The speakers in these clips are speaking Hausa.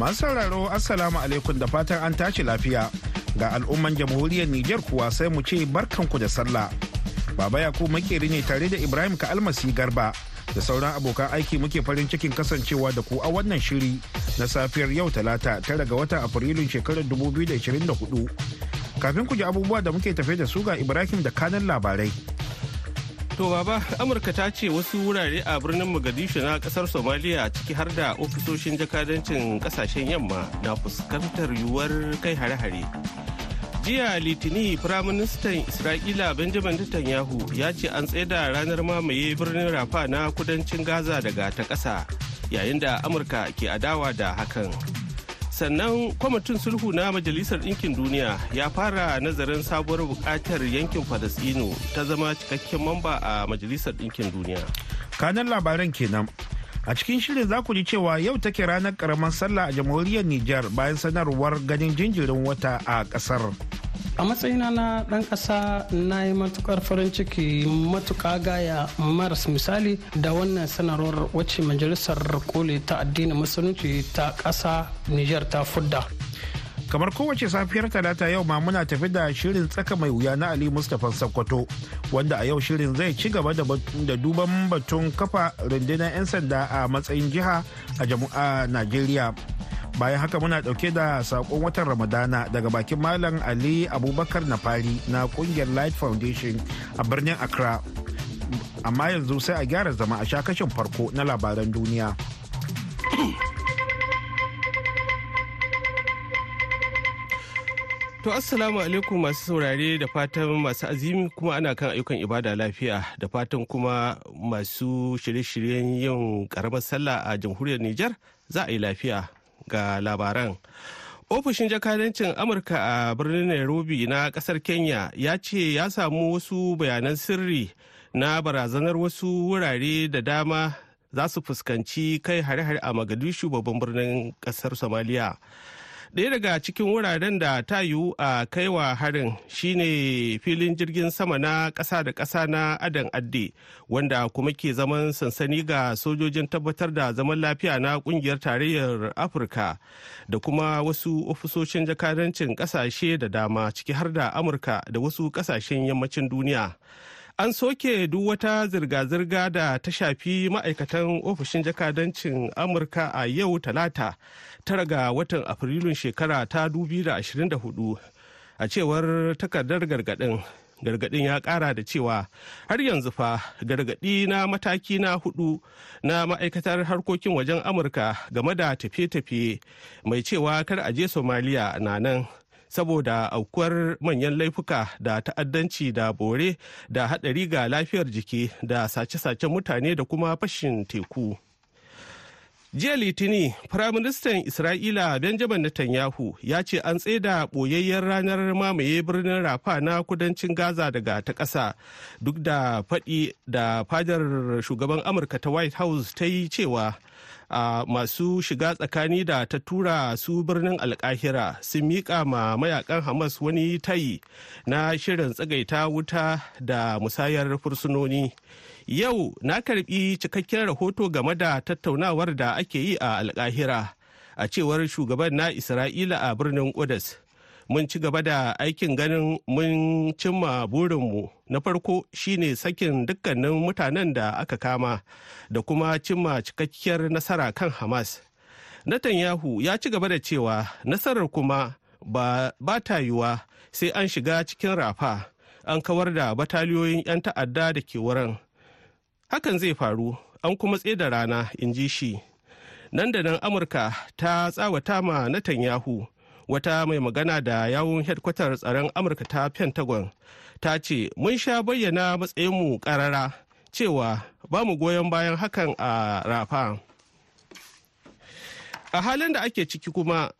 Masu sauraro Assalamu alaikum da fatan an tashi lafiya ga al'umman jamhuriyar Nijar kuwa sai mu ce barkanku da sallah. Baba Yakubu makeri ne tare da Ibrahim ka almasi garba da sauran abokan aiki muke farin cikin kasancewa da ku a wannan shiri na safiyar yau talata tara ga watan afrilun shekarar hudu kafin ku ji abubuwa da muke tafe da su ga ibrahim da kanan labarai To baba Amurka ta ce wasu wurare a birnin Mogadishu na kasar somaliya ciki har da ofisoshin jakadancin kasashen yamma na fuskantar yiwuwar kai hare-hare. Jiya Litini Firaministan Isra'ila Benjamin Netanyahu ya ce an tsaida ranar mamaye birnin Rafa na kudancin Gaza daga ta ƙasa yayin da Amurka ke adawa da hakan. sannan kwamitin sulhu na majalisar ɗinkin duniya ya fara nazarin sabuwar buƙatar yankin falasɗinu ta zama cikakken mamba a majalisar ɗinkin duniya kanan labaran kenan a cikin shirin za ku ji cewa yau take ranar karamar sallah a jamhuriyar nijar bayan sanarwar ganin jinjirin wata a ƙasar. a matsayina na ɗan ƙasa na yi matukar farin ciki matuƙa gaya maras misali da wannan sanarwar wacce majalisar koli ta addinin musulunci ta ƙasa niger ta fudda kamar kowace safiyar talata yau ma muna tafi da shirin tsaka mai wuya na ali mustapha sokoto wanda a yau shirin zai ci gaba da duban batun kafa rundunar 'yan sanda a matsayin jiha a jam'a najeriya bayan haka muna dauke da sakon watan ramadana daga bakin malam ali abubakar nafari na kungiyar light foundation a birnin accra amma yanzu sai a gyara zama a shakashin farko na labaran duniya To assalamu alaikum masu saurare da fatan masu azimi kuma ana kan ayyukan ibada lafiya da fatan kuma masu shirye-shiryen yin karamar sallah a jamhuriyar Nijar za a yi lafiya. ga labaran. ofishin jakadancin amurka a birnin nairobi na kasar kenya ya ce ya samu wasu bayanan sirri na barazanar wasu wurare da dama za su fuskanci kai hare-hare a magadishu babban birnin kasar somalia ɗaya daga cikin wuraren da ta yiwu a kaiwa harin shine filin jirgin sama na ƙasa da ƙasa na adan adde wanda kuma ke zaman sansani ga sojojin tabbatar da zaman lafiya na ƙungiyar tarayyar afirka da kuma wasu ofisoshin jakadancin ƙasashe da dama ciki har da amurka da wasu ƙasashen yammacin duniya an soke duk wata zirga-zirga da ta shafi ma'aikatan ofishin jakadancin amurka a yau talata tara ga watan afrilun shekara ta 2024 a cewar takardar gargadin gargadin ya kara da cewa har yanzu fa gargadi na mataki na hudu na ma'aikatar harkokin wajen amurka game da tafiye-tafiye mai cewa kar a je somaliya na nan saboda aukuwar manyan laifuka da ta'addanci da bore da haɗari ga lafiyar jiki da sace-sacen mutane da kuma fashin teku. jiya litini firaministan isra'ila benjamin netanyahu ya ce an tsaida ɓoyayyen ranar mamaye birnin rafa na kudancin gaza daga ta ƙasa duk da faɗi da fadar shugaban amurka ta white house ta yi cewa A masu shiga tsakani da ta tura su birnin alkahira sun miƙa ma mayakan hamas wani tayi na shirin tsagaita wuta da musayar fursunoni yau na karbi cikakken rahoto game da tattaunawar da ake yi a alkahira a cewar shugaban na isra'ila a birnin kudus mun ci gaba da aikin ganin mun cimma burinmu na farko shine sakin dukkanin mutanen da aka kama da kuma cimma cikakkiyar nasara kan hamas Netanyahu ya ci gaba da cewa nasarar kuma ba, ba ta yiwuwa sai an shiga cikin rafa an kawar da bataliyoyin 'yan ta'adda da ke wurin hakan zai faru an kuma da rana in ji shi nan da nan amurka ta tsawata ma Netanyahu wata mai magana da yawun hedkwatar tsaron amurka ta pentagon ta ce mun sha bayyana matsayinmu karara cewa ba mu goyon bayan hakan a rafa a halin da ake ciki kuma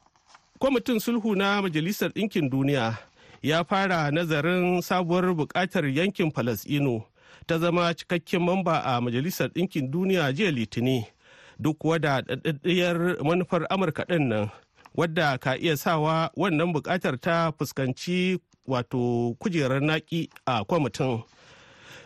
kwamitin sulhu na majalisar ɗinkin duniya ya fara nazarin sabuwar buƙatar yankin falasino ta zama cikakken mamba a majalisar ɗinkin duniya jiya litini duk wada ɗaɗɗiyar manufar amurka ɗin nan wadda ka iya sawa wannan bukatar ta fuskanci wato kujerar naki a kwamitin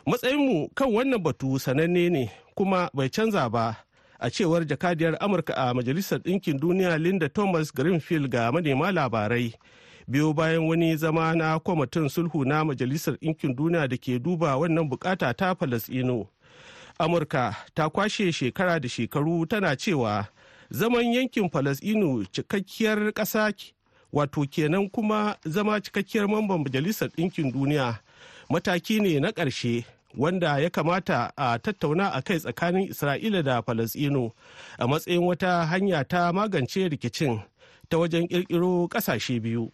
matsayinmu kan wannan batu sananne ne kuma bai canza ba a cewar jakadiyar amurka a majalisar ɗinkin duniya linda thomas greenfield ga manema labarai biyo bayan wani zama na kwamitin sulhu na majalisar ɗinkin duniya da ke duba wannan bukata ta falasino amurka ta kwashe shekara da shekaru tana cewa zaman yankin falasɗinu cikakkiyar ƙasa wato kenan kuma zama cikakkiyar mamban majalisar ɗinkin duniya mataki ne na ƙarshe wanda ya kamata a tattauna a kai tsakanin isra'ila da falasɗinu a matsayin wata hanya ta magance rikicin ta wajen ƙirƙiro ƙasashe biyu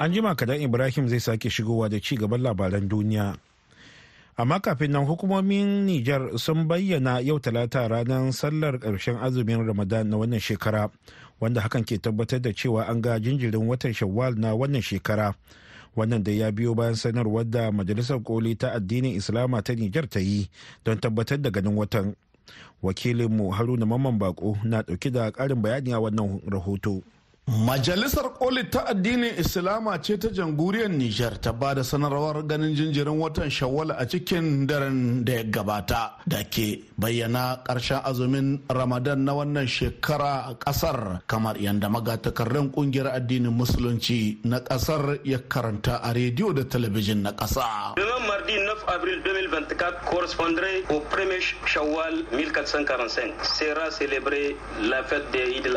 an jima kadan ibrahim zai sake shigowa da ci gaban labaran duniya amma kafin nan hukumomin Nijar sun bayyana yau talata ranar sallar ƙarshen azumin Ramadan na wannan shekara wanda hakan ke tabbatar da cewa an ga jinjirin watan Shawwal na wannan shekara. Wannan da ya biyo bayan sanarwar da Majalisar Koli ta addinin Islama ta Nijar ta yi don tabbatar da ganin watan. Wakilinmu Haruna Mamman Bako na ɗauki da ƙarin bayani a wannan rahoto. Majalisar Koli ta addinin Islama ce ta janguriyar Nijar ta ba da sanarwar ganin jinjirin watan Shawwal a cikin daren da ya gabata da ke bayyana ƙarshen azumin Ramadan na wannan shekara a ƙasar kamar yadda magatakarren ƙungiyar addinin Musulunci na ƙasar ya karanta a rediyo da talabijin na ƙasa. mardi 9 avril 2024 correspondrait au 1er Shawwal 1445. Sera célébrée la fête des Eid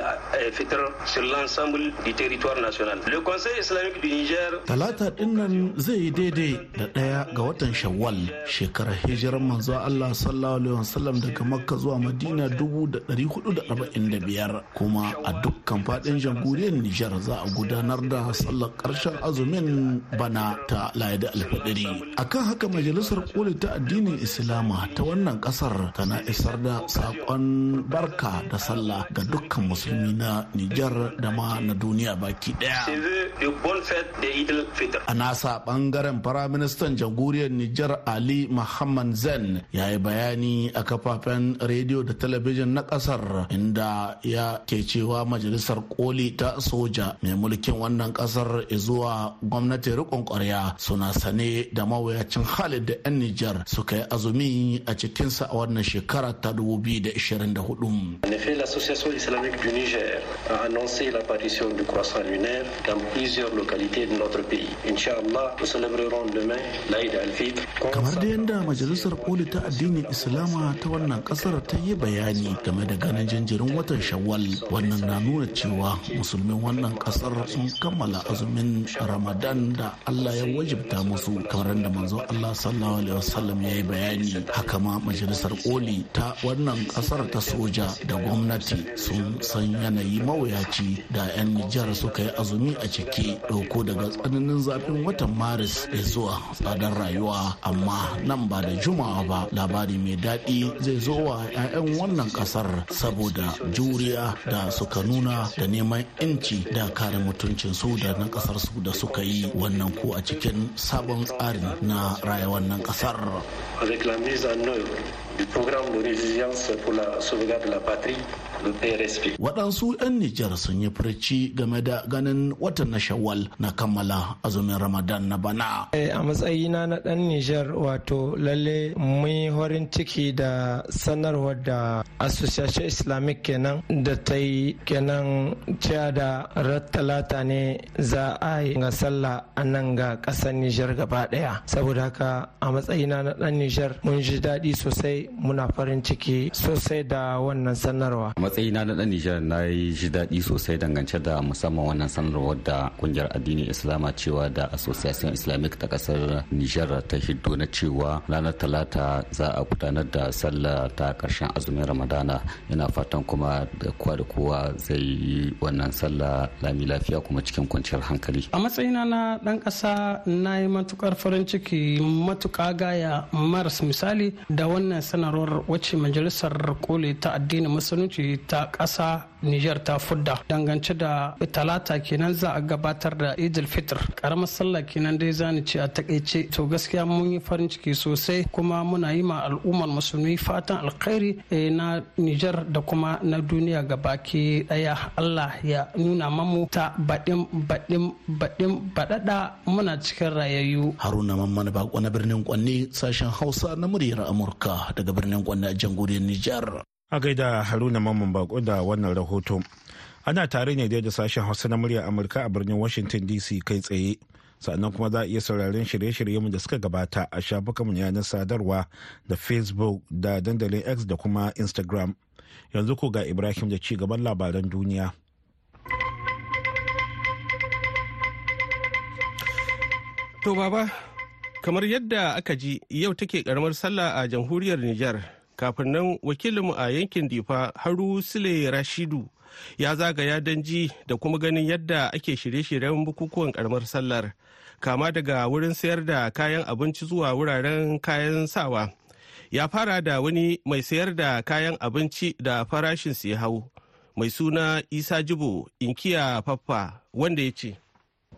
fitr sur l'ensemble du territoire national. Le Conseil islamique du Niger. Talata dinnan zai yi daidai da daya ga watan Shawwal shekarar hijirar manzo Allah sallallahu alaihi wasallam daga Makka zuwa Madina 1445 kuma a dukkan fadin jamhuriyar Nijar za a gudanar da sallar karshen azumin bana ta Laida Alfadari. Akan kan haka majalisar koli ta addinin islama ta wannan kasar tana isar da saƙon barka da sallah ga dukkan musulmi na nijar da ma na duniya baki daya a nasa bangaren firaministan jamhuriyar nijar ali muhammad zen ya yi bayani a kafafen rediyo da talabijin na kasar inda ya ke cewa majalisar koli ta soja mai mulkin wannan kasar zuwa gwamnati rikon kwarya suna sane da mawuyacin mawuyacin Khalid da 'yan Nijar suka yi azumi a cikin cikinsa a wannan shekara ta 2024. Kamar da yadda Majalisar Koli ta addinin Islama ta wannan kasar ta yi bayani game da ganin jinjirin watan Shawwal, wannan na nuna cewa musulmin wannan kasar sun kammala azumin Ramadan da Allah ya wajibta musu kamar da manzo manzo Allah sallallahu alaihi wasallam ya yi bayani haka ma majalisar koli ta wannan kasar ta soja da gwamnati sun san yanayi mawuyaci da 'yan Nijar suka yi azumi a ciki ɗauko daga tsananin zafin watan Maris da zuwa tsadar rayuwa amma nan ba da juma'a ba labari mai daɗi zai zo wa 'ya'yan wannan kasar saboda juriya da suka nuna da neman inci, da kare mutuncin su da na kasar su da suka yi wannan ko a cikin sabon tsarin na raya wannan kasar du programme de résilience pour la sauvegarde de la patrie Waɗansu 'yan Nijar sun yi furci game da ganin watan na Shawwal na kammala azumin Ramadan na bana. Eh, a matsayina na ɗan Nijar wato lalle mun yi horin ciki da sanarwar da Association Islamic kenan da ta yi kenan cewa da talata ne za a yi ga sallah a nan ga ƙasar Nijar gaba ɗaya. Saboda haka a matsayina na ɗan Nijar mun ji daɗi sosai muna farin ciki sosai da wannan sanarwa. Matsayina na ɗan Nijar na yi shi daɗi sosai dangance da musamman wannan sanarwar da kungiyar addinin Islama cewa da Association Islamic ta ƙasar Nijar ta hiddo na cewa ranar Talata za a gudanar da sallah ta ƙarshen azumin Ramadana. Ina fatan kuma da kowa da kowa zai yi wannan sallah lami lafiya kuma cikin kwanciyar hankali. A matsayina na ɗan ƙasa na yi matuƙar farin ciki matuƙa gaya maras misali da wannan sanarwar wacce majalisar koli ta addinin musulunci ta ƙasa Nijar ta fudda dangance da talata kenan za a gabatar da Idil Fitr karamar sallah kenan dai zani ce a takaice to gaskiya mun yi farin ciki sosai kuma muna yi ma al'ummar musulmi fatan alkhairi eh, na Nijar da kuma na duniya gabaki daya Allah ya nuna mamu ta baɗin baɗin baɗin baɗaɗa muna cikin rayayyu. Haruna Mamman Bako na birnin kwanni sashen Hausa na muryar Amurka daga birnin kwanni a jamhuriyar Nijar. a gaida haruna mamman bako da wannan rahoto ana tare ne da sashen hausa na murya amurka a birnin washington dc kai tsaye sannan kuma za a iya sauraron shirye-shiryenmu da suka gabata a shafukanmu yanar sadarwa da facebook da dandalin x da kuma instagram yanzu ko ga ibrahim da ci gaban labaran duniya to baba kamar yadda aka ji yau take karamar sallah a jamhuriyar niger kafin nan wakilinmu a yankin difa haru sule rashidu ya zagaya don ji da kuma ganin yadda ake shirye-shiryen bukukuwan karamar sallar kama daga wurin sayar da kayan abinci zuwa wuraren kayan sawa ya fara da wani mai sayar da kayan abinci da farashin su ya hau mai suna isa jibo inkiya faffa wanda ya ce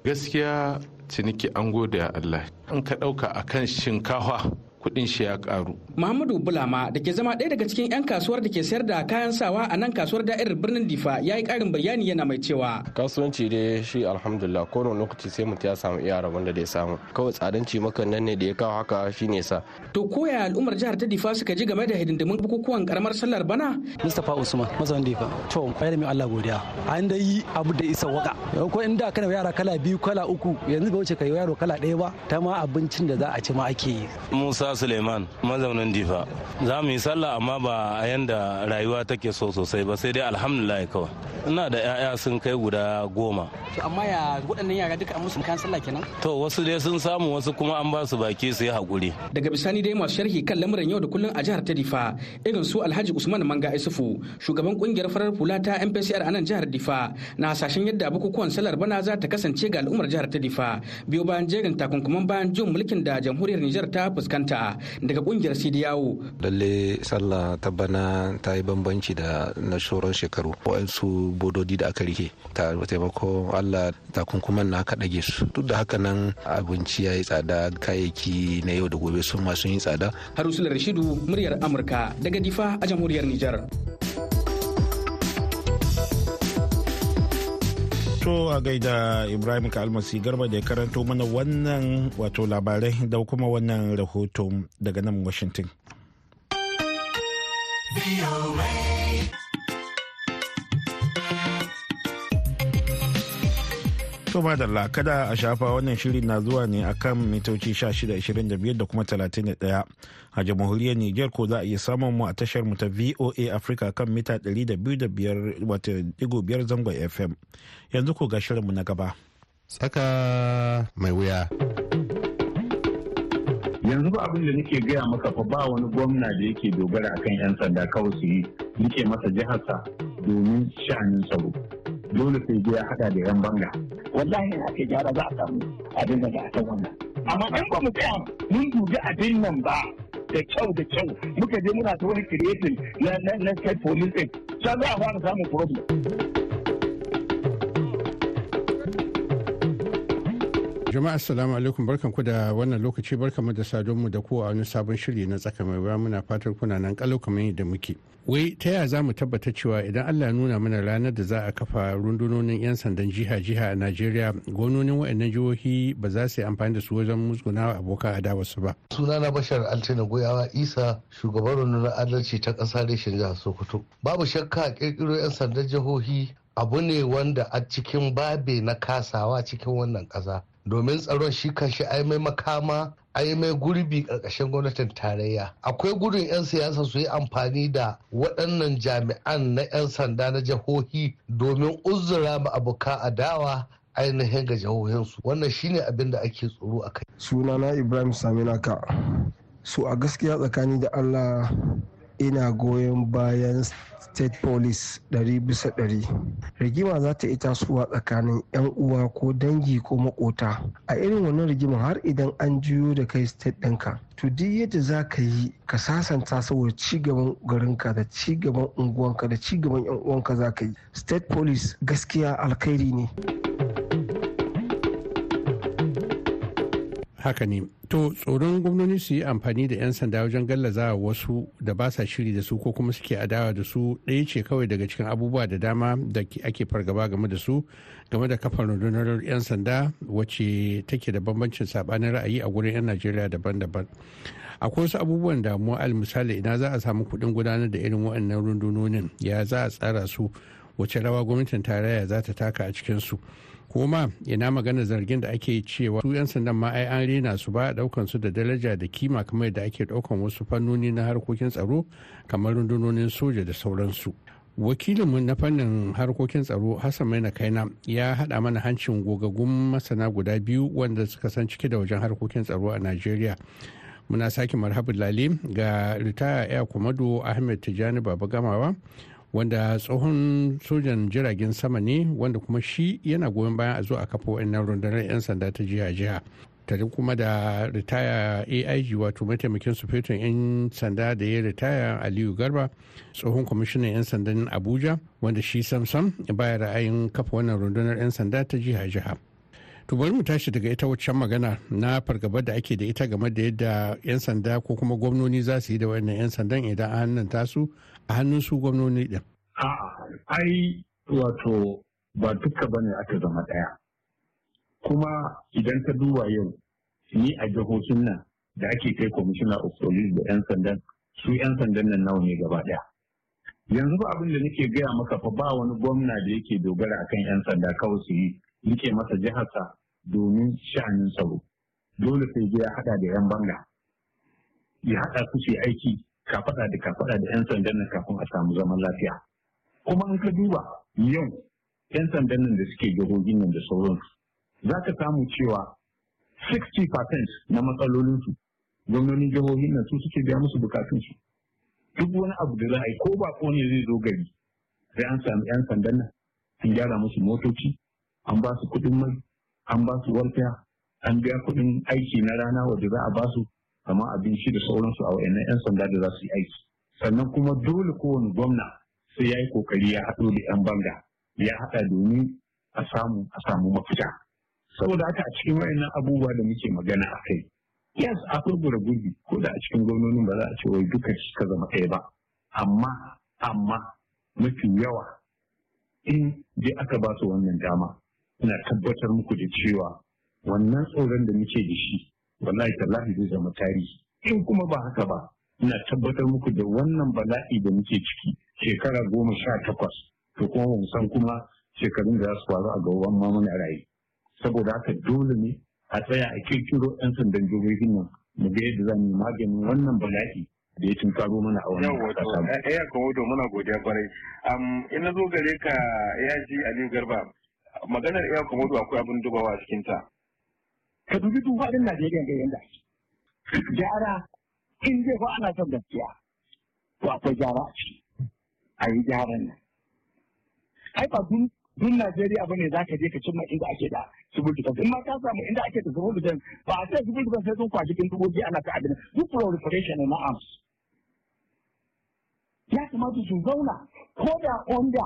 gaskiya ciniki an gode allah in ka ɗauka kan shinkafa kuɗin shi ya karu. Muhammadu Bulama da ke zama ɗaya daga cikin 'yan kasuwar da ke sayar da kayan sawa a nan kasuwar da'irar birnin Difa ya yi ƙarin bayani yana mai cewa. Kasuwanci dai shi alhamdulillah ko wani lokaci sai mutum ya samu iya rabon da ya samu. Kawai tsadanci makan nan ne da ya kawo haka shi ne sa. To koya al'ummar jihar ta Difa suka ji game da hidindimin bukukuwan karamar sallar bana? Mustapha Usman mazan Difa. To bayar mai Allah godiya. An da yi abu da isa waka. Ko in da kana yara kala biyu kala uku yanzu ba wuce ka yaro kala ɗaya ba ta ma abincin da za a ci ma ake yi. Musa Suleiman mazaunin Difa. Za mu yi sallah amma ba a yanda rayuwa take so sosai ba sai dai alhamdulillah kawai. Ina da 'ya'ya sun kai guda goma. To amma ya waɗannan yara duka musu kan sallah kenan? To wasu dai sun samu wasu kuma an ba su baki su yi hakuri. Daga bisani dai masu sharhi kan lamuran yau da kullum a jihar ta Difa irin su Alhaji Usman Manga Isufu shugaban kungiyar farar hula ta MPCR a nan jihar Difa na hasashen yadda bukukuwan sallar bana za ta kasance ga al'ummar jihar ta Difa biyo bayan jerin takunkuman bayan jin mulkin da jamhuriyar Nijar ta fuskanta jama'a daga kungiyar sidiyawo lalle sallah ta bana ta yi bambanci da na shoron shekaru waɗansu bododi da aka rike ta taimako allah takunkuman na aka ɗage su duk da haka nan abinci ya yi tsada kayayyaki na yau da gobe sun masu yi tsada harusular rashidu muryar amurka daga difa a jamhuriyar nijar so a gaida Ibrahim ka almasi Garba da ya karanto mana wannan wato labarai da kuma wannan rahoton daga nan Washington. To da kada a shafa wannan shiri na zuwa ne akan mitoci 1625 da kuma 31 a jamhuriyar niger ko za a iya samun mu a tashar mu ta VOA afirka kan mita 200.5 zangon FM. Yanzu ko ga shirinmu na gaba. Tsaka mai wuya. yanzu ba abin da nake gaya maka fa ba wani gwamna da yake dogara akan 'yan sanda kawai su yi nike masa jihar sa domin sha'anin tsaro dole sai ya hada da yan banga wallahi in ake gyara za a samu abin da za a san amma in ba mu tsaya mun dubi abin nan ba da kyau da kyau muka je muna ta wani creating na na na state police din za a fara samun problem Jama'a assalamu alaikum ku da wannan lokaci barkanmu da sadon mu da kowa wani sabon shiri na tsaka mai muna fatar kuna nan kalau kamar yadda muke. Wai ta yaya za mu tabbata cewa idan Allah nuna mana ranar da za a kafa rundunonin 'yan sandan jiha-jiha a Najeriya gononin waɗannan jihohi ba za su yi amfani da su wajen musgunawa abokan su ba. suna na Bashar Altina Goyawa Isa shugaban rundunar adalci ta ƙasa reshen jihar Sokoto. Babu shakka ƙirƙiro 'yan sandan jihohi abu ne wanda a cikin babe na kasawa cikin wannan kasa domin tsaron shi kashi ai mai makama ai mai gurbi ƙarƙashin gwamnatin tarayya akwai gudun 'yan siyasa su yi amfani da waɗannan jami'an na 'yan sanda na jihohi domin uzura ma abokan adawa ainihin ga jihohinsu wannan shine abin da ake tsoro a kai sunana ibrahim saminaka su a gaskiya tsakani da allah ina goyon bayan state police dari bisa ɗari rigima za ta ita suwa tsakanin 'yan uwa ko dangi ko makota a irin wannan rigima har idan an juyo da kai state ɗinka to duk yadda za ka yi ka sasanta saboda cigaban garinka da cigaban unguwanka da cigaban 'yan uwanka za ka yi state police gaskiya alkhairi ne. haka ne to tsoron gwamnoni su yi amfani da 'yan sanda wajen gallaza wasu da ba sa shiri da su ko kuma suke adawa da su ɗaya ce kawai daga cikin abubuwa da dama da ake fargaba game da su game da kafar rundunar 'yan sanda wacce take da bambancin sabanin ra'ayi a gurin 'yan najeriya daban-daban akwai wasu abubuwan damuwa al misali ina za a samu kuɗin gudanar da irin waɗannan rundunonin ya za a tsara su wace rawa gwamnatin tarayya za ta taka a cikin su koma ina magana zargin da ake cewa su 'yan sandan ma ai an rena su ba daukan su da daraja da kima kamar da ake daukan wasu fannoni na harkokin tsaro kamar rundunonin soja da sauransu wakilinmu na fannin harkokin tsaro hassan maina kaina ya haɗa mana hancin gogagun masana guda biyu wanda suka san cike da wajen harkokin tsaro a najeriya muna sake marhabin lale ga ritaya ya kumado ahmed tijjani baba gamawa wanda tsohon sojan jiragen sama ne wanda kuma shi yana goyon bayan a zo a kafa wannan rundunar 'yan sanda ta jiha-jiha tare kuma da ritaya aig wato mataimakin sufetun 'yan sanda da ya ritaya aliyu garba tsohon kwamishinan 'yan sandan abuja wanda shi samsam baya ra'ayin kafa wannan rundunar 'yan sanda ta jiha-jiha to bari mu tashi daga ita waccan magana na fargaba da ake da ita game da yadda 'yan sanda ko kuma gwamnoni za su yi da wannan 'yan sandan idan an hannun tasu a hannun su gwamnoni din a'a ai wato ba duka bane aka zama daya kuma idan ta duba yau ni a jihohin nan da ake kai kwamishina of police da yan sandan su yan sandan nan nawa ne gaba daya yanzu ba abin da nake gaya maka fa ba wani gwamna da yake dogara akan yan sanda kawai su yi nike masa jiharsa domin sha'anin tsaro dole sai ya haɗa da yan banga ya haɗa su su aiki faɗa da faɗa da 'yan sandan nan kafin a samu zaman lafiya kuma in ka duba yau 'yan sandan nan da suke jihohin nan da sauransu za ka samu cewa 60% na matsalolinsu gwamnonin jihohin nan su suke biya musu su. duk wani abu da za a yi ko ba ko ne zai zo gari sai an samu 'yan sandan nan an gyara musu motoci an ba su kuɗin mai an ba su warfiya an biya kuɗin aiki na rana wadda za a ba su kamar abinci da sauransu a wayannan 'yan sanda da za su yi aiki sannan kuma dole kowane gwamna sai ya yi kokari ya haɗo da 'yan banga ya haɗa domin a samu a samu mafita saboda haka a cikin wayannan abubuwa da muke magana a kai yes akwai gura gurbi ko da a cikin gwamnonin ba za a ce wai duka ka zama ɗaya ba amma amma mafi yawa in je aka ba su wannan dama ina tabbatar muku da cewa wannan tsoron da muke da shi wallahi tallahi zai zama tarihi in kuma ba haka ba ina tabbatar muku da wannan bala'i da muke ciki shekara goma sha takwas to kuma mu san kuma shekarun da za su faru a gaban mamuni a raye saboda haka dole ne a tsaya a kirkiro 'yan sandan jihohin nan mu ga yadda za mu maganin wannan bala'i da ya tunkaro mana a wannan kasa. Ya kawo muna godiya kwarai. Ina zo gare ka ya ji Aliyu Garba. Maganar ya komodo akwai abin dubawa a cikinta. ka dubi duk faɗin Najeriya ga yanda gyara in zai fa ana son gaskiya to akwai gyara a yi gyaran nan ai ba dun Najeriya ba ne za ka je ka cimma inda ake da civil in ma ka samu inda ake da civil ba a sai civil sai sun kwashi kin tukoki ana ta abin duk proliferation na arms ya kamata su zauna ko da onda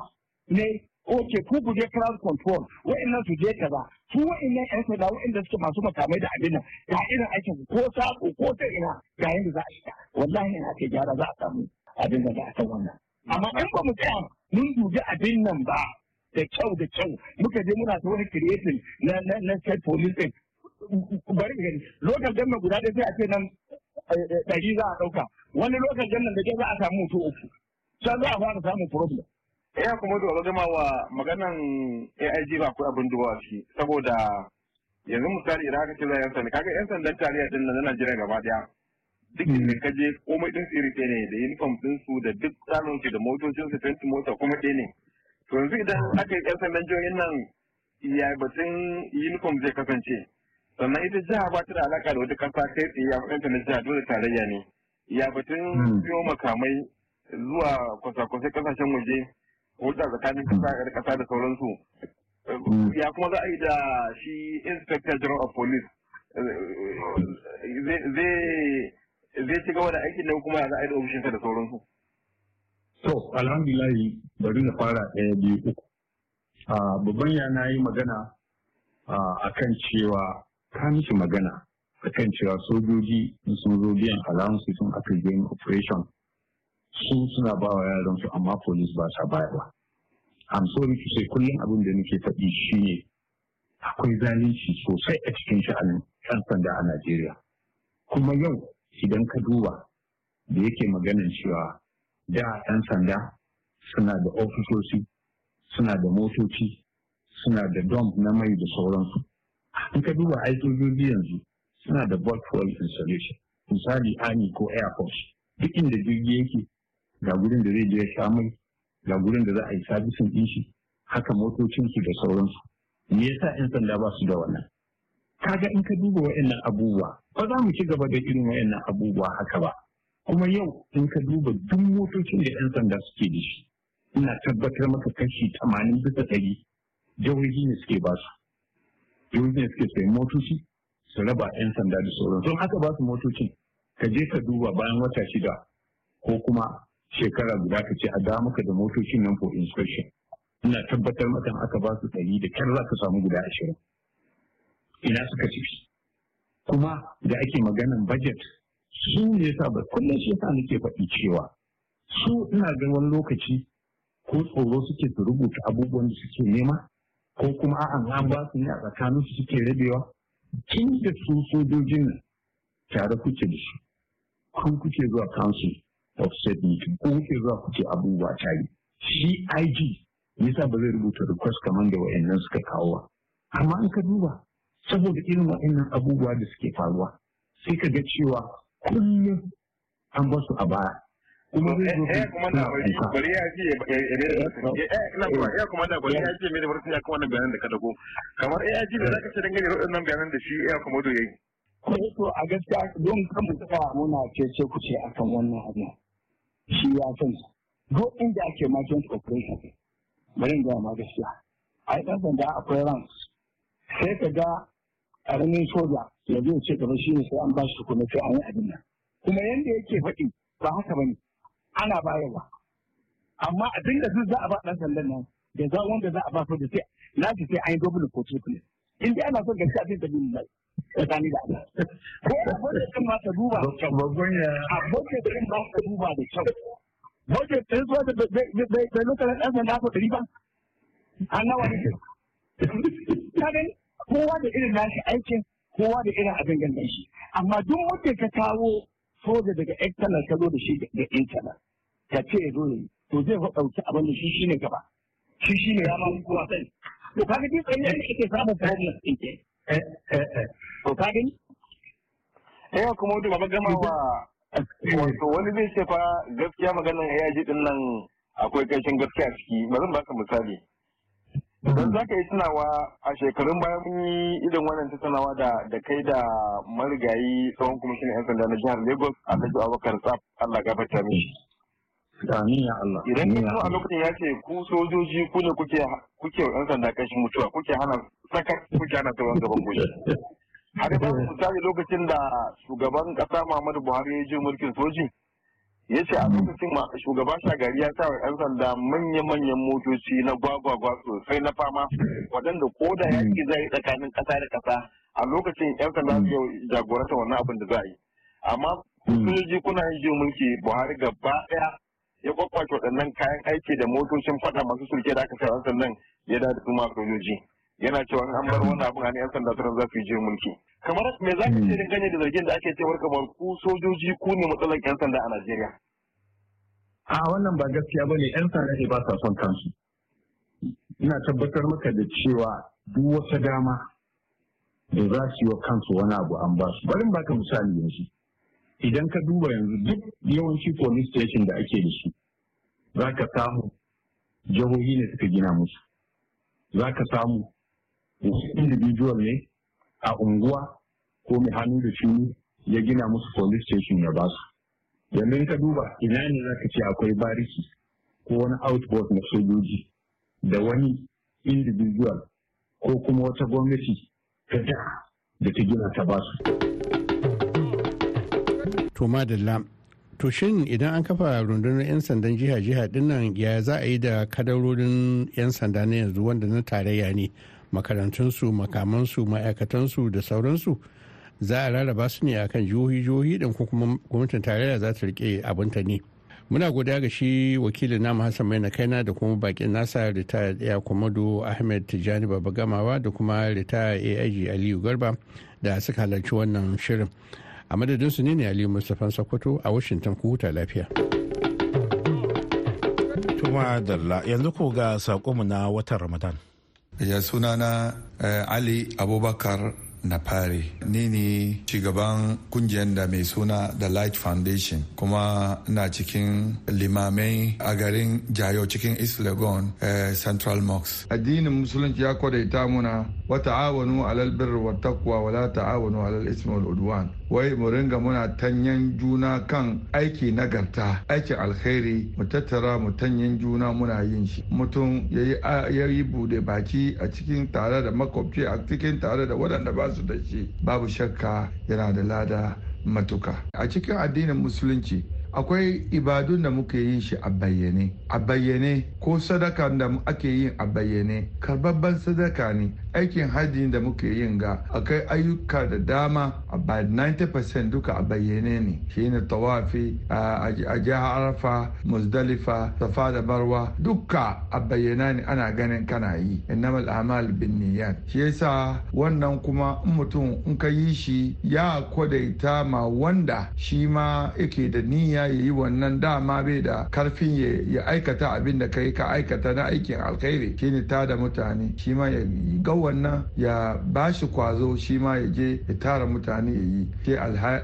ne oke ku ku je crowd control wa'annan su je ba, su wa'annan yan sanda wa'anda suke masu makamai da abin nan ga irin aikin ko sako ko ta ina ga yadda za a shiga wallahi ina ce gyara za a samu abin da za a san wannan amma in ba mu tsaya mun dubi abin nan ba da kyau da kyau muka je muna ta wani creating na na na state police din bari ka gani local government guda ɗaya sai a ce nan eh, eh, ɗari za a ɗauka wani local government da ke za a samu mutu uku sai za a fara samun problem ya kuma da gama wa maganan AIG ba akwai abin dubawa shi saboda yanzu misali idan aka ce za yan sanda kaga yan sandan tarayya din na Najeriya gaba daya duk inda ka je komai din iri ɗaya ne da uniform din su da duk tsarin su da motocin su fenti mota kuma ɗaya ne to yanzu idan aka yi yan sandan jihohin nan ya batun uniform zai kasance sannan ita jiha ba ta da alaka da wata kasa kai tsaye ya fadanta na jiha dole tarayya ne ya batun biyo hmm. makamai zuwa kwasa-kwasai kasashen waje hulɗa tsakanin kasa da kasa da sauransu mm. ya kuma za a yi da shi inspector general of police zai ci gaba da aikin da kuma za a yi da ofishinsa da sauransu so alhamdulillah bari na fara ɗaya biyu uku babban yana yi magana a kan cewa ta magana a kan cewa sojoji sun zo biyan allowance sun aka operation su suna ba wa yaransu amma police ba sa bayarwa. I'm sorry to say kullum abin da nake faɗi shine akwai zalunci sosai a cikin sha'anin ɗan sanda a Najeriya. Kuma yau idan ka duba da yake maganan cewa da ɗan sanda suna da ofisoshi, suna da motoci, suna da dom na mai da sauransu. In ka duba aikin aiki yanzu suna da bot fuel installation, misali Army ko Air Force, duk inda jirgi yake ga gurin da zai je ya sha ga gurin da za a yi sabisin din shi haka motocinsu da sauransu me yasa 'yan sanda ba su da wannan Ka ga in ka duba wa'annan abubuwa ba za mu ci gaba da irin wa'annan abubuwa haka ba kuma yau in ka duba duk motocin da 'yan sanda suke da shi ina tabbatar maka kashi tamanin bisa ɗari jihohi ne suke ba su jihohi ne suke sayi motoci su raba 'yan sanda da sauran don haka ba su motocin ka je ka duba bayan wata shida ko kuma shekara guda ka ce a da maka da motocin nan for inspection ina tabbatar maka aka ba su ɗari da kyar za ka samu guda ashirin ina suka ci kuma da ake maganan budget su ne sa ba kullum shi yasa nake faɗi cewa su ina ga wani lokaci ko tsoro suke su rubuta abubuwan da suke nema ko kuma a'an an ba su ne a tsakanin su suke rabewa tun da su sojojin tare kuke da su kun kuke zuwa kansu offset state meeting ko kuke zuwa kuke abubuwa ta yi shi IG yasa ba zai rubuta request kamar da wa'annan suka kawo ba amma an ka duba saboda irin wa'annan abubuwa da suke faruwa sai ka ga cewa kullum an ba su a baya kuma eh, eh, bari ya ce ya kuma da eh, bari ya ce mai da barci ya kuma wannan bayanan da ka dago kamar ya ji da zaka ce dangane da wannan bayanan da shi ya kuma do yayi ko to a gaskiya don kan mutaka muna ce ce ku ce akan wannan abu shi ya san duk inda ake merchant operation bari in gaya ma gaskiya a yi ɗan sanda akwai rans sai ka ga ƙaramin soja ya zo ce gaba shi ne sai an ba shi kuma sai an yi abin nan kuma yanda yake faɗi ba haka ba ne ana bayarwa amma a dinga duk za a ba ɗan sandan nan da za wanda za a ba da sai na sai an yi double ko triple in dai ana son gaskiya cikin ta mai. tsakani da Allah. Ko abokin ma ta duba da kyau. Abokin ma ta duba da kyau. Bokin ɗin so da bai lokacin ɗan sanda ko ɗari ba. An nawa ne. Kaga kowa da irin nashi aikin kowa da irin abin ganin shi. Amma duk wanda ka kawo soja daga external ka zo da shi da internal. Ka ce ya zo ne. To zai ɗauki abin da shi shine gaba. Shi shine ya ma kowa sani. To kaga duk tsayin ake samun problem ɗin ke. Eh, eh, eh. to ka gani eh kuma wato baba gama wa wato wani zai ce fa gaskiya maganar AIG din nan akwai kashin gaskiya ciki bari baka misali don za ka yi tunawa a shekarun bayan mun yi irin wannan tattaunawa da da kai da marigayi tsohon kwamishinan 'yan sanda na jihar lagos alhaji abubakar tsaf allah gafarta mishi Amin ya Allah. Idan kuma a lokacin ya ce ku sojoji ku ne kuke kuke ɗan sanda kashin mutuwa kuke hana sakat kuke hana sauran gaban goshi. Har ba misali lokacin da shugaban ƙasa Muhammadu Buhari ya je mulkin soji ya ce a mm. lokacin shugaba shagari ya sa ɗan sanda manya-manyan motoci na gwagwagwa sosai na fama waɗanda ko da mm. yaƙi zai tsakanin ƙasa da ƙasa a lokacin ƴan sanda mm. su jagoranta wannan abin da za a yi. Amma sojoji kuna yin mulki Buhari gaba ɗaya ya kwakwace waɗannan kayan aiki da motocin fada masu sulke da aka sa yan ya da su masu sojoji yana cewa an bar wani abu a yan sanda za su je mulki kamar me za ka ce hmm. ganye da zargin da ake cewar kamar ku sojoji ku ne matsalar yan sanda a Najeriya a wannan ba gaskiya ba ne yan sanda ne ba sa son kansu ina tabbatar maka da cewa duk wata dama da za su yi wa kansu wani abu an ba su bari ka misali yanzu idan ka duba yanzu duk yawanci police station da ake da shi za ka samu jihohi ne suka gina musu za ka samu individual ne a unguwa ko mai hannu da shuni ya gina musu police station ya ba su? yanzu ka duba ina ne za ka ce akwai bariki ko wani outboard na sojoji da wani individual ko kuma wata gwamnati ta da ta gina ta ba su? to madalla to shin idan an kafa rundunar 'yan sandan jiha-jiha dinnan ya za a yi da kadarorin 'yan sanda na yanzu wanda na tarayya ne makarantunsu makamansu ma'aikatansu da sauransu za a rarraba su ne akan jihohi-jihohi din ko kuma gwamnatin tarayya za ta rike abinta ne muna godiya ga shi wakilin namu hassan mai na kaina da kuma bakin nasa ritaya ya komodo ahmed tijjani baba gamawa da kuma ritaya aig aliyu garba da suka halarci wannan shirin a madadin su ne ne aliyu mustapha sokoto a washington ku huta lafiya tuma dalla yanzu ko ga sakonmu na watan ramadan ya sunana eh, ali abubakar na fari ni ne shugaban kungiyar da mai suna the light foundation kuma na cikin limamai a garin jayo cikin east legon eh, central mosque addinin musulunci ya kwadaita muna wata awonu alal birr wa taqwa wa la alal ismail wai mu ringa muna tanyan juna kan aiki nagarta Aikin alkhairi mu tattara mu tanyan juna muna yin shi mutum ya yi bude baki a cikin tare da makwabci a cikin tare da waɗanda ba su da shi babu shakka yana da lada matuka a cikin addinin musulunci akwai ibadun da muke yin shi a bayyane a bayyane ko sadaka da ake yin a bayyane karbabban sadaka ne aikin hajji da muke yin ga akwai ayyuka da dama about 90% duka a bayyane ne shi ne tawafi a jihar arafa muzdalifa safa da barwa duka a bayyana ne ana ganin kana yi innamal amal bin niyyat shi yasa wannan kuma in mutum in ka yi shi ya kwadaita ma wanda shi ma yake da niyya ya yi wannan dama bai da karfin ya aikata abin da kai ka aikata na aikin alkhairi shi ne tada mutane shi ma ya ga wannan ya ba shi kwazo shi ma ya je ya tara mutane ya yi ke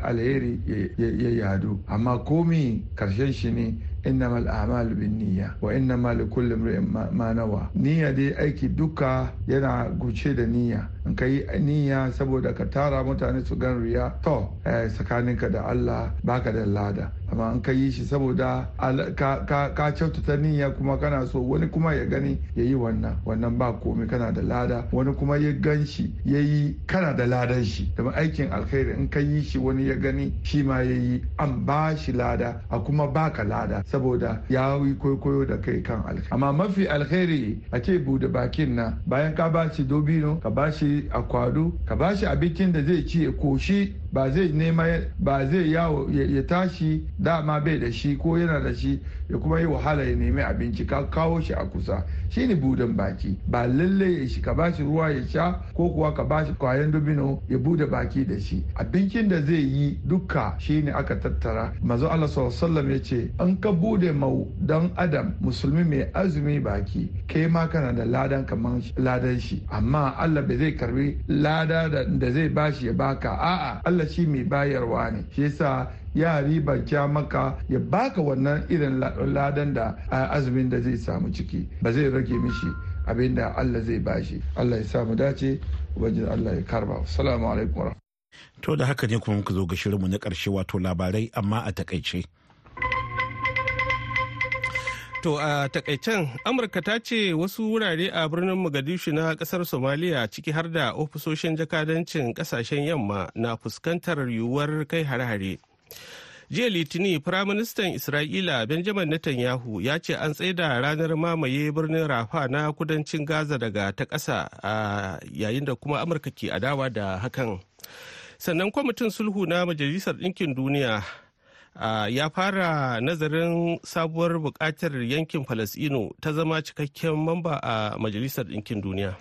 alheri ya yadu amma komi karshen shi ne innamal a'malu binniyya wa innamal likulli imrin ma nawa niyya dai aiki duka yana guce da niyya in ka yi niyya saboda ka tara mutane su gan riya to tsakaninka da Allah baka da lada amma in ka yi shi saboda ka kyautata niyya kuma kana so wani kuma ya gani ya yi wannan wannan ba komai kana da lada wani kuma ya gan shi ya yi kana da ladan shi da aikin alkhairi in ka yi shi wani ya gani shi ma ya yi an ba shi lada a kuma baka lada saboda ya yi kwaikwayo da kai kan alkhairi amma mafi alkhairi a ce bude bakin na bayan ka bashi dobino ka bashi akwado ka bashi abincin da zai ci ya koshi ba zai nema ba zai yawo ya tashi dama bai da shi ko yana da shi ya kuma yi wahala ya nemi abinci ka kawo shi a kusa shi ne budan baki ba lalle ya shi ka ba shi ruwa ya sha ko kuwa ka ba shi kwayan dubino ya bude baki da shi abincin da zai yi duka shine aka tattara mazu Allah sallallahu ya ce an ka bude mau dan adam musulmi mai azumi baki kai ma kana da ladan kamar ladan shi amma Allah bai zai karbi lada da zai bashi ya baka a'a Allah shi mai bayarwa ne shi yasa ya riba maka ya baka wannan irin ladan da azumin da zai samu ciki ba zai rage mishi abinda Allah zai bashi Allah ya samu dace ubangiji Allah ya karba assalamu alaikum to da haka ne kuma muka zo ga shirinmu na karshe wato labarai amma a takaice To a takaicen Amurka ta ce wasu wurare a birnin Mogadishu na kasar somaliya ciki har da ofisoshin jakadancin kasashen yamma na fuskantar yiwuwar kai hare-hare. jiya litini firaministan isra'ila benjamin netanyahu ya ce an tsaida ranar mamaye birnin rafa na kudancin gaza daga ta ƙasa a yayin da kuma amurka ke adawa da hakan sannan kwamitin sulhu na majalisar ɗinkin duniya ya fara nazarin sabuwar buƙatar yankin falasino ta zama cikakken mamba a majalisar ɗinkin duniya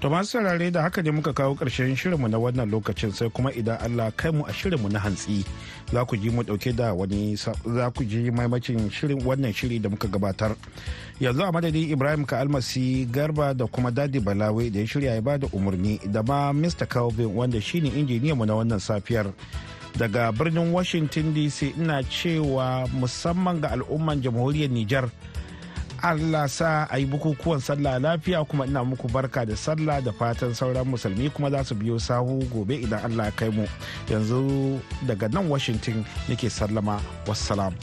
To masu saurare da haka ne muka kawo ƙarshen shirinmu na wannan lokacin sai kuma idan Allah kai mu a shirinmu na hantsi za ku ji mu ɗauke da wani za ku ji maimacin shirin wannan shiri da muka gabatar. Yanzu a madadin Ibrahim ka almasi garba da kuma dadi balawe da ya shirya ya bada umarni da ma Mr. Calvin wanda shine injiniyanmu na wannan safiyar. Daga birnin Washington DC ina cewa musamman ga al'umman jamhuriyar Nijar Allah sa a yi bukukuwan sallah lafiya kuma ina muku barka da sallah da fatan sauran musulmi kuma za su biyo sahu gobe idan Allah ya kai mu yanzu daga nan Washington yake sallama wassalam.